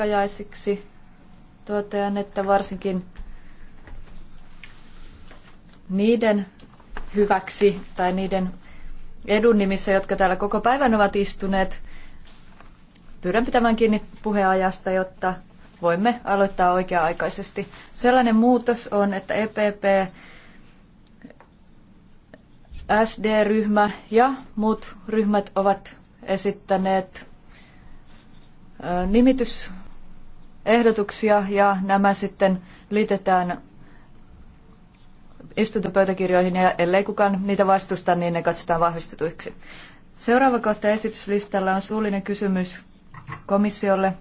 jatkajaisiksi. Totean, että varsinkin niiden hyväksi tai niiden edun nimissä, jotka täällä koko päivän ovat istuneet, pyydän pitämään kiinni puheajasta, jotta voimme aloittaa oikea-aikaisesti. Sellainen muutos on, että EPP, SD-ryhmä ja muut ryhmät ovat esittäneet nimitys ehdotuksia ja nämä sitten liitetään istuntopöytäkirjoihin ja ellei kukaan niitä vastusta, niin ne katsotaan vahvistetuiksi. Seuraava kohta esityslistalla on suullinen kysymys komissiolle